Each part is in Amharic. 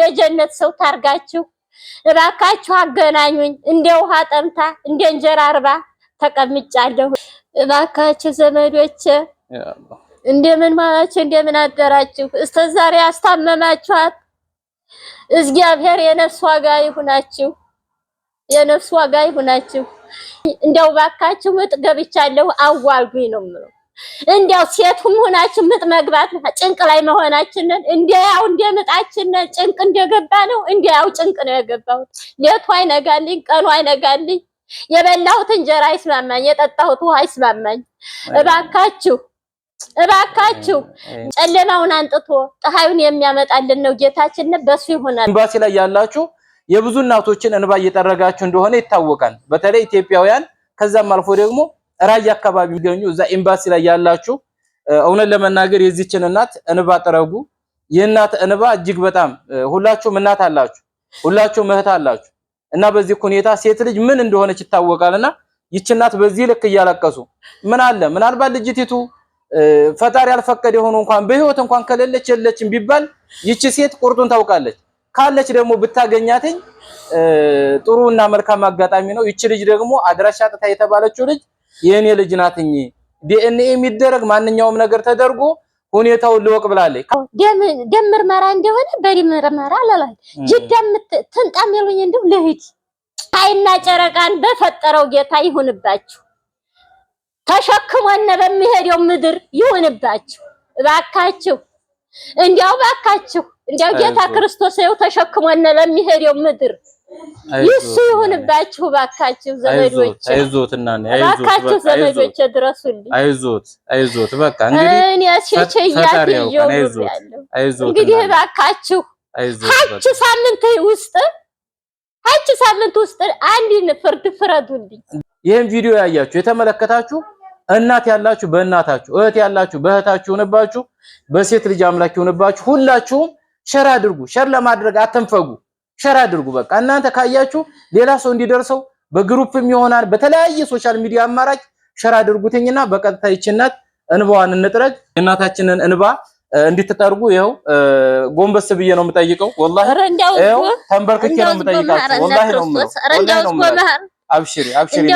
የጀነት ሰው ታርጋችሁ እባካችሁ አገናኙኝ። እንደ ውሃ ጠምታ እንደ እንጀራ አርባ ተቀምጫለሁ። እባካችሁ ዘመዶች እንደምን ማላችሁ? እንደምን አደራችሁ? እስተዛሬ አስታመማችኋት። እግዚአብሔር የነፍስ ዋጋ ይሁናችሁ፣ የነፍስ ዋጋ ይሁናችሁ። እንደው እባካችሁ ምጥ ገብቻለሁ አዋልጉኝ ነው የምለው። እንዲያው ሴቱም ሆናችን ምጥ መግባት ጭንቅ ላይ መሆናችንን እንዲያው እንደምጣችንን ጭንቅ እንደገባ ነው። እንዲያው ጭንቅ ነው የገባው ሌቱ አይነጋልኝ፣ ቀኑ አይነጋልኝ። የበላሁት እንጀራ አይስማማኝ፣ የጠጣሁት ውሃ አይስማማኝ። እባካችሁ እባካችሁ ጨለማውን አንጥቶ ፀሐዩን የሚያመጣልን ነው ጌታችን። በሱ ይሆናል። ኤምባሲ ላይ ያላችሁ የብዙ እናቶችን እንባ እየጠረጋችሁ እንደሆነ ይታወቃል። በተለይ ኢትዮጵያውያን ከዛም አልፎ ደግሞ ራያ አካባቢ የሚገኙ እዛ ኤምባሲ ላይ ያላችሁ እውነት ለመናገር የዚችን እናት እንባ ጥረጉ። የእናት እንባ እጅግ በጣም ሁላችሁም እናት አላችሁ፣ ሁላችሁም እህት አላችሁ እና በዚህ ሁኔታ ሴት ልጅ ምን እንደሆነች ይታወቃልና ይች እናት በዚህ ልክ እያለቀሱ ምን አለ ምናልባት ልጅቲቱ ፈጣሪ ያልፈቀደ የሆኑ እንኳን በህይወት እንኳን ከሌለች የለችም ቢባል ይቺ ሴት ቁርጡን ታውቃለች። ካለች ደግሞ ብታገኛትኝ ጥሩ እና መልካም አጋጣሚ ነው። ይቺ ልጅ ደግሞ አድራሻ ጥታ የተባለችው ልጅ የእኔ ልጅ ናትኝ ዲኤንኤ የሚደረግ ማንኛውም ነገር ተደርጎ ሁኔታውን ልወቅ ብላለች። ደም ምርመራ እንደሆነ በዲ ምርመራ አላላት። ጅዳ ትንጣም ያሉኝ እንደው ልሂድ። አይና ጨረቃን በፈጠረው ጌታ ይሁንባችሁ፣ ተሸክሞነ በሚሄደው ምድር ይሁንባችሁ። እባካችሁ እንዲያው እባካችሁ እንዲያው ጌታ ክርስቶስ ይኸው ተሸክሞነ ለሚሄደው ምድር ይሱ ይሁንባችሁ ባካችሁ ዘመዶች፣ አይዞት ዘመዶች ድረሱልኝ። አይዞት አይዞት፣ በቃ እንግዲህ እንግዲህ ባካችሁ ሀች ሳምንት ውስጥ ሀች ሳምንት ውስጥ አንድ ፍርድ ፍረዱልኝ። ይህን ቪዲዮ ያያችሁ የተመለከታችሁ እናት ያላችሁ በእናታችሁ እህት ያላችሁ በእህታችሁ ይሁንባችሁ፣ በሴት ልጅ አምላክ ይሁንባችሁ። ሁላችሁም ሸር አድርጉ። ሸር ለማድረግ አትንፈጉ። ሸር አድርጉ። በቃ እናንተ ካያችሁ ሌላ ሰው እንዲደርሰው በግሩፕም ይሆናል በተለያየ ሶሻል ሚዲያ አማራጭ ሸር አድርጉትኝና በቀጥታ ይችናት እንባዋን እንጥረግ። የእናታችንን እንባ እንድትጠርጉ ይኸው ጎንበስ ብዬ ነው የምጠይቀው። ወላሂ ይኸው ተንበርክኬ ነው የምጠይቃችሁ። ወላሂ ነው የምለው። አብሽሪ አብሽሪ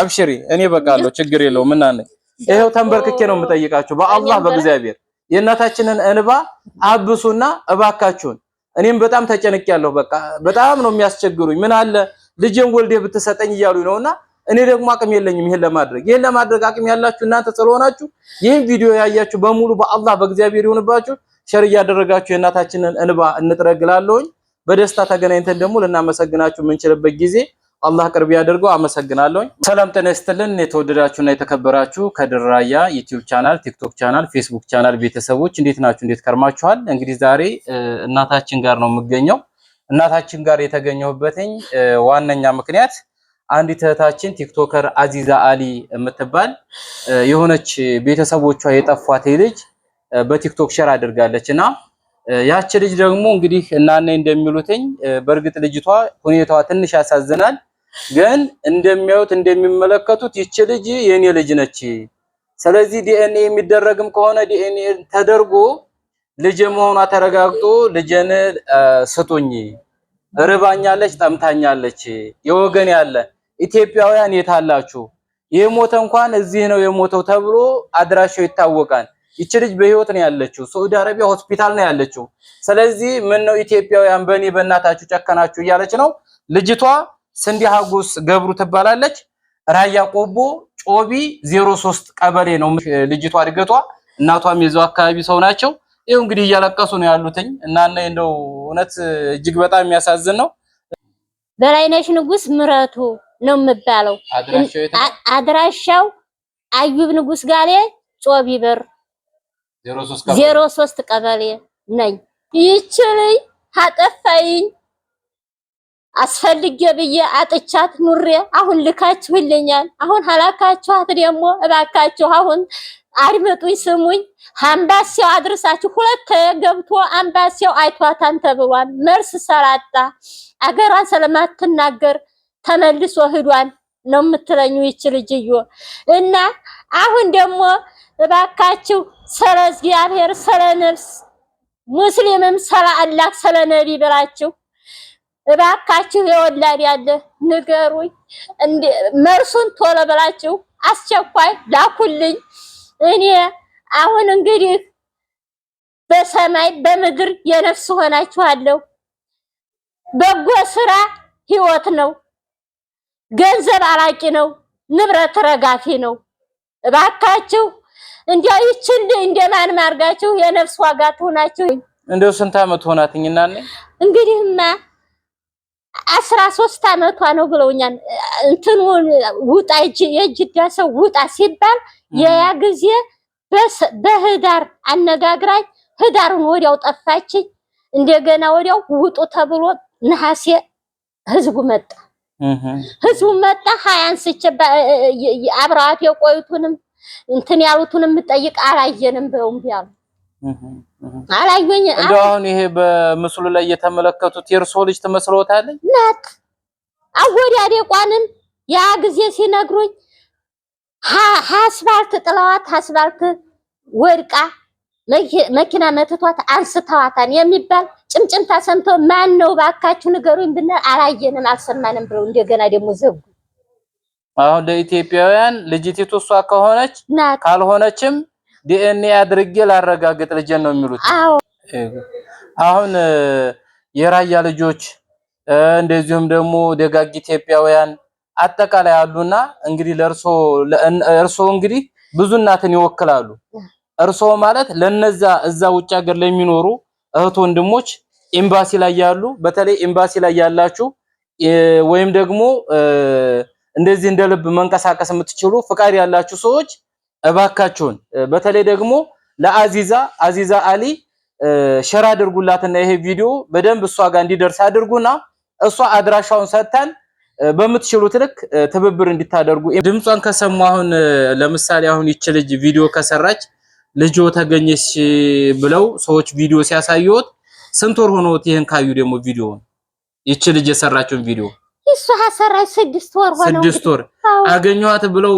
አብሽሪ። እኔ በቃለሁ፣ ችግር የለውም። እናንተ ይኸው ተንበርክኬ ነው የምጠይቃችሁ። በአላህ በእግዚአብሔር የእናታችንን እንባ አብሱና እባካችሁን እኔም በጣም ተጨንቄያለሁ። በቃ በጣም ነው የሚያስቸግሩኝ። ምን አለ ልጄን ወልዴ ብትሰጠኝ እያሉኝ ነውና እኔ ደግሞ አቅም የለኝም ይሄን ለማድረግ። ይሄን ለማድረግ አቅም ያላችሁ እናንተ ስለሆናችሁ ይህን ቪዲዮ ያያችሁ በሙሉ በአላህ በእግዚአብሔር ይሁንባችሁ። ሸር እያደረጋችሁ የእናታችንን እንባ እንጥረግላለሁኝ። በደስታ ተገናኝተን ደግሞ ልናመሰግናችሁ የምንችልበት ጊዜ አላህ ቅርብ ያደርገው። አመሰግናለሁ። ሰላም ጤና ይስጥልን። የተወደዳችሁና የተከበራችሁ ከድር ራያ ዩቲዩብ ቻናል፣ ቲክቶክ ቻናል፣ ፌስቡክ ቻናል ቤተሰቦች እንዴት ናችሁ? እንዴት ከርማችኋል? እንግዲህ ዛሬ እናታችን ጋር ነው የምገኘው። እናታችን ጋር የተገኘሁበትኝ ዋነኛ ምክንያት አንዲት እህታችን ቲክቶከር አዚዛ አሊ የምትባል የሆነች ቤተሰቦቿ የጠፏት ልጅ በቲክቶክ ሼር አድርጋለች እና ያቺ ልጅ ደግሞ እንግዲህ እናኔ እንደሚሉትኝ በእርግጥ ልጅቷ ሁኔታዋ ትንሽ ያሳዝናል ግን እንደሚያዩት እንደሚመለከቱት ይቺ ልጅ የኔ ልጅ ነች። ስለዚህ ዲኤንኤ የሚደረግም ከሆነ ዲኤንኤ ተደርጎ ልጅ መሆኗ ተረጋግጦ ልጅን ስጡኝ፣ ርባኛለች፣ ጠምታኛለች። የወገን ያለ ኢትዮጵያውያን የት አላችሁ? የሞተ እንኳን እዚህ ነው የሞተው ተብሎ አድራሻው ይታወቃል። ይቺ ልጅ በህይወት ነው ያለችው። ሳዑዲ አረቢያ ሆስፒታል ነው ያለችው። ስለዚህ ምን ነው ኢትዮጵያውያን በእኔ በእናታችሁ ጨከናችሁ እያለች ነው ልጅቷ ስንዴ ሀጎስ ገብሩ ትባላለች። ራያ ቆቦ ጮቢ 03 ቀበሌ ነው ልጅቷ እድገቷ። እናቷም የዛው አካባቢ ሰው ናቸው። ይሄው እንግዲህ እያለቀሱ ነው ያሉትኝ እና እንደው እውነት እጅግ በጣም የሚያሳዝን ነው። በላይነሽ ንጉስ ምረቱ ነው የምባለው። አድራሻው አዩብ ንጉስ ጋሌ ጮቢ በር 03 ቀበሌ ነኝ። ይችልኝ አጠፋይኝ አስፈልጌ ብዬ አጥቻት ኑሬ አሁን ልካችሁልኛል። አሁን ሀላካችኋት ደግሞ እባካችሁ አሁን አድምጡኝ፣ ስሙኝ። አምባሲያው አድርሳችሁ ሁለት ገብቶ አምባሲያው አይቷታን ተብሏል። መርስ ሰራጣ አገሯን ስለማትናገር ተመልሶ ሂዷን ነው የምትለኙ ይች ልጅዮ እና አሁን ደግሞ እባካችሁ ስለ እግዚአብሔር ስለ ነፍስ ሙስሊምም ስለ አላህ ስለ ነቢ ብላችሁ እባካችሁ የወላድ ያለ ንገሩኝ፣ መርሱን ቶሎ ብላችሁ አስቸኳይ ላኩልኝ። እኔ አሁን እንግዲህ በሰማይ በምድር የነፍስ ሆናችኋለሁ። በጎ ስራ ህይወት ነው፣ ገንዘብ አላቂ ነው፣ ንብረት ረጋፊ ነው። እባካችሁ እንዲያው ይችን እንደማን ማርጋችሁ የነፍስ ዋጋ ትሆናችሁ። እንደው ስንት አመት ሆናትኝና እንግዲህማ አስራ ሶስት አመቷ ነው ብለውኛል። እንትን ውጣ የጅዳ ሰው ውጣ ሲባል የያ ጊዜ በህዳር አነጋግራኝ ህዳሩን ወዲያው ጠፋችኝ። እንደገና ወዲያው ውጡ ተብሎ ነሐሴ ህዝቡ መጣ። ህዝቡ መጣ ሀያን አንስቼ አብረዋት የቆዩትንም እንትን ያሉትንም ጠይቅ አላየንም ብለው እምቢ አሉ። አላየኝ። እንደው አሁን ይሄ በምስሉ ላይ የተመለከቱት የእርሶ ልጅ ትመስሎታለች? ናት አወዳደቋንም ያ ጊዜ ሲነግሩኝ አስፋልት ጥለዋት አስፋልት ወድቃ መኪና መትቷት አንስተዋታን የሚባል ጭምጭምታ ሰምቶ ማን ነው ባካችሁ ንገሩኝ ብንል አላየንም፣ አልሰማንም ብለው እንደገና ደግሞ ዘጉ። አሁን ለኢትዮጵያውያን ልጅቲቱ እሷ ከሆነች ናት፣ ካልሆነችም ዲኤንኤ አድርጌ ላረጋግጥ ልጄን ነው የሚሉት። አሁን የራያ ልጆች እንደዚሁም ደግሞ ደጋግ ኢትዮጵያውያን አጠቃላይ አሉና እንግዲህ ለእርሶ እርሶ እንግዲህ ብዙ እናትን ይወክላሉ። እርሶ ማለት ለነዛ እዛ ውጭ ሀገር ለሚኖሩ እህት ወንድሞች ኤምባሲ ላይ ያሉ በተለይ ኤምባሲ ላይ ያላችሁ ወይም ደግሞ እንደዚህ እንደ ልብ መንቀሳቀስ የምትችሉ ፍቃድ ያላችሁ ሰዎች እባካችሁን በተለይ ደግሞ ለአዚዛ አዚዛ አሊ ሸር አድርጉላትና ይሄ ቪዲዮ በደንብ እሷ ጋር እንዲደርስ አድርጉና እሷ አድራሻውን ሰጥተን በምትችሉት ልክ ትብብር እንዲታደርጉ ድምጿን ከሰሙ አሁን ለምሳሌ አሁን ይች ልጅ ቪዲዮ ከሰራች ልጆ ተገኘች ብለው ሰዎች ቪዲዮ ሲያሳዩት ስንት ወር ሆኖት ይህን ካዩ ደግሞ ቪዲዮውን ይች ልጅ የሰራችውን ቪዲዮ እሱ አሰራች ስድስት ወር ሆነው ስድስት ወር አገኘኋት ብለው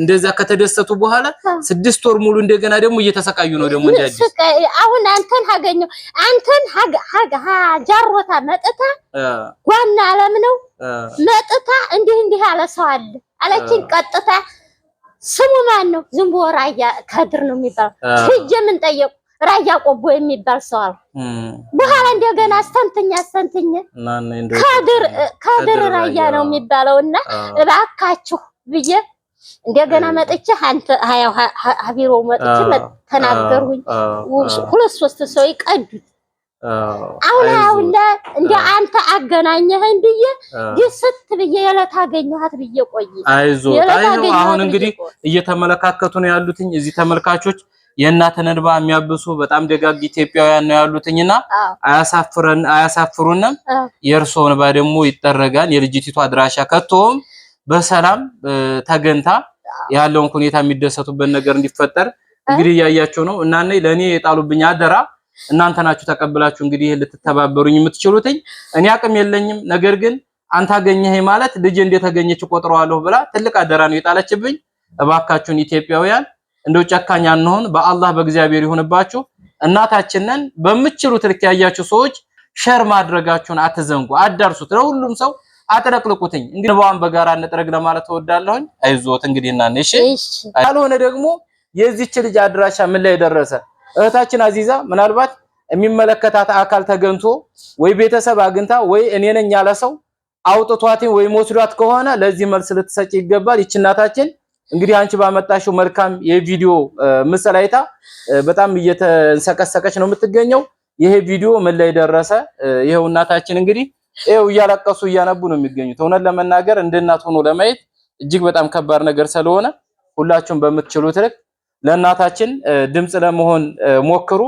እንደዛ ከተደሰቱ በኋላ ስድስት ወር ሙሉ እንደገና ደግሞ እየተሰቃዩ ነው። ደግሞ እንደ አሁን አንተን አገኘሁ አንተን ጃሮታ መጥታ ዋና አለም ነው መጥታ እንዲህ እንዲህ አለ ሰው አለ አለችን። ቀጥታ ስሙ ማን ነው? ዝንቦራ ከድር ነው የሚባለው። ሂጅ ምን ጠየቁ ራያ ቆቦ የሚባል ሰዋል። በኋላ እንደገና አስተንትኝ አስተንትኝ ከድር ራያ ነው የሚባለው እና እባካችሁ ብዬ እንደገና መጥቼ አንተ ሀያው ሀቢሮ መጥቼ ተናገርሁኝ። ሁለት ሶስት ሰው ይቀዱት አሁን አሁን እንደ አንተ አገናኘኸኝ ብዬ ደስት ብዬ የዕለት አገኘኋት ብዬ ቆይ። አይዞህ አሁን እንግዲህ እየተመለካከቱ ነው ያሉትኝ እዚህ ተመልካቾች የእናትን እንባ የሚያብሱ በጣም ደጋግ ኢትዮጵያውያን ነው ያሉትኝና አያሳፍረን አያሳፍሩንም። የእርሶ እንባ ደግሞ ይጠረጋል። የልጅቲቱ አድራሻ ከቶም በሰላም ተገንታ ያለውን ሁኔታ የሚደሰቱበት ነገር እንዲፈጠር እንግዲህ እያያቸው ነው። እናኔ ለእኔ የጣሉብኝ አደራ እናንተ ናችሁ ተቀብላችሁ እንግዲህ ልትተባበሩኝ የምትችሉትኝ። እኔ አቅም የለኝም፣ ነገር ግን አንተ አገኘህ ማለት ልጅ እንደተገኘች ቆጥረዋለሁ ብላ ትልቅ አደራ ነው የጣለችብኝ። እባካችሁን ኢትዮጵያውያን እንደው ጨካኝ አንሆን። በአላህ በእግዚአብሔር ይሁንባችሁ። እናታችንን በምችሉት ልክ ያያችሁ ሰዎች ሸር ማድረጋችሁን አትዘንጉ፣ አዳርሱት። ለሁሉም ሰው አጥረቅልቁትኝ እንግዲህ በዋን በጋራ እንጥረግ ለማለት እወዳለሁኝ። አይዞት እንግዲህ እና እሺ። ካልሆነ ደግሞ የዚች ልጅ አድራሻ ምን ላይ ደረሰ? እህታችን አዚዛ ምናልባት የሚመለከታት አካል ተገንቶ ወይ ቤተሰብ አግኝታ ወይ እኔ ነኝ ያለ ሰው አውጥቷት ወይም ወስዷት ከሆነ ለዚህ መልስ ልትሰጭ ይገባል። ይችናታችን እንግዲህ አንቺ ባመጣሽው መልካም የቪዲዮ ምስል አይታ በጣም እየተንሰቀሰቀች ነው የምትገኘው። ይሄ ቪዲዮ ምን ላይ ደረሰ? ይሄው እናታችን እንግዲህ ይሄው እያለቀሱ እያነቡ ነው የሚገኙት። እውነት ለመናገር እንደ እናት ሆኖ ለማየት እጅግ በጣም ከባድ ነገር ስለሆነ ሁላችሁም በምትችሉት ልክ ለእናታችን ድምፅ ለመሆን ሞክሩ።